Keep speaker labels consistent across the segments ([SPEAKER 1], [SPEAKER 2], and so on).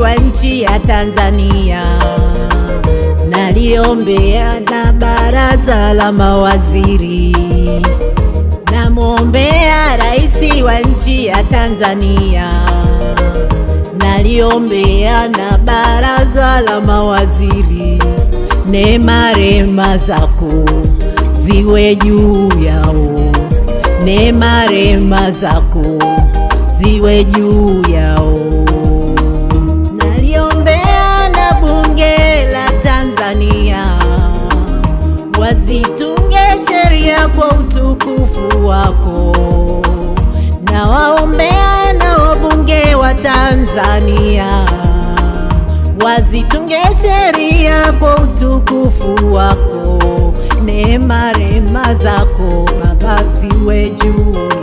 [SPEAKER 1] wa nchi ya Tanzania naliombea na baraza la mawaziri, namwombea rais wa nchi ya Tanzania naliombea na baraza la mawaziri, neema rehema zako ziwe juu yao, neema rehema zako ziwe juu yao kuja kwa utukufu wako. Nawaombea na wabunge wa Tanzania wazitunge sheria kwa utukufu wako. Neema rema zako Baba ziwe juu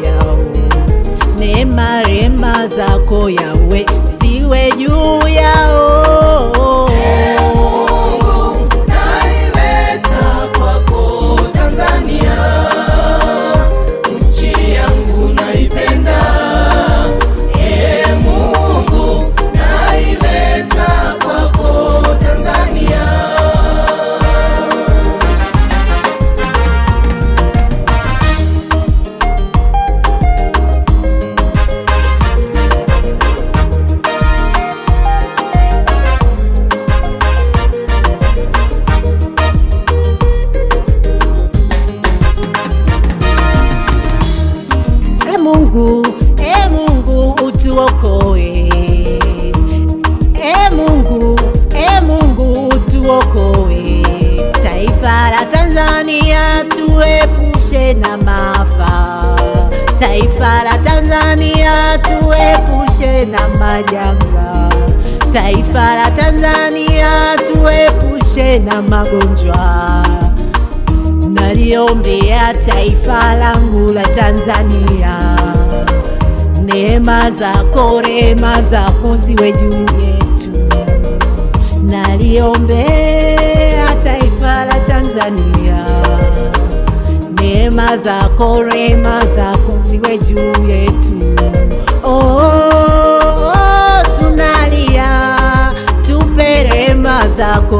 [SPEAKER 2] na maafa, taifa la Tanzania tuepushe na majanga, taifa la Tanzania tuepushe na magonjwa. Naliombea taifa langu la Tanzania, neema zako, rehema zako ziwe juu yetu. Naliombea taifa la Tanzania Rehema zako, rehema zako ziwe juu yetu. Oh, oh, oh, tunalia, tupe rehema zako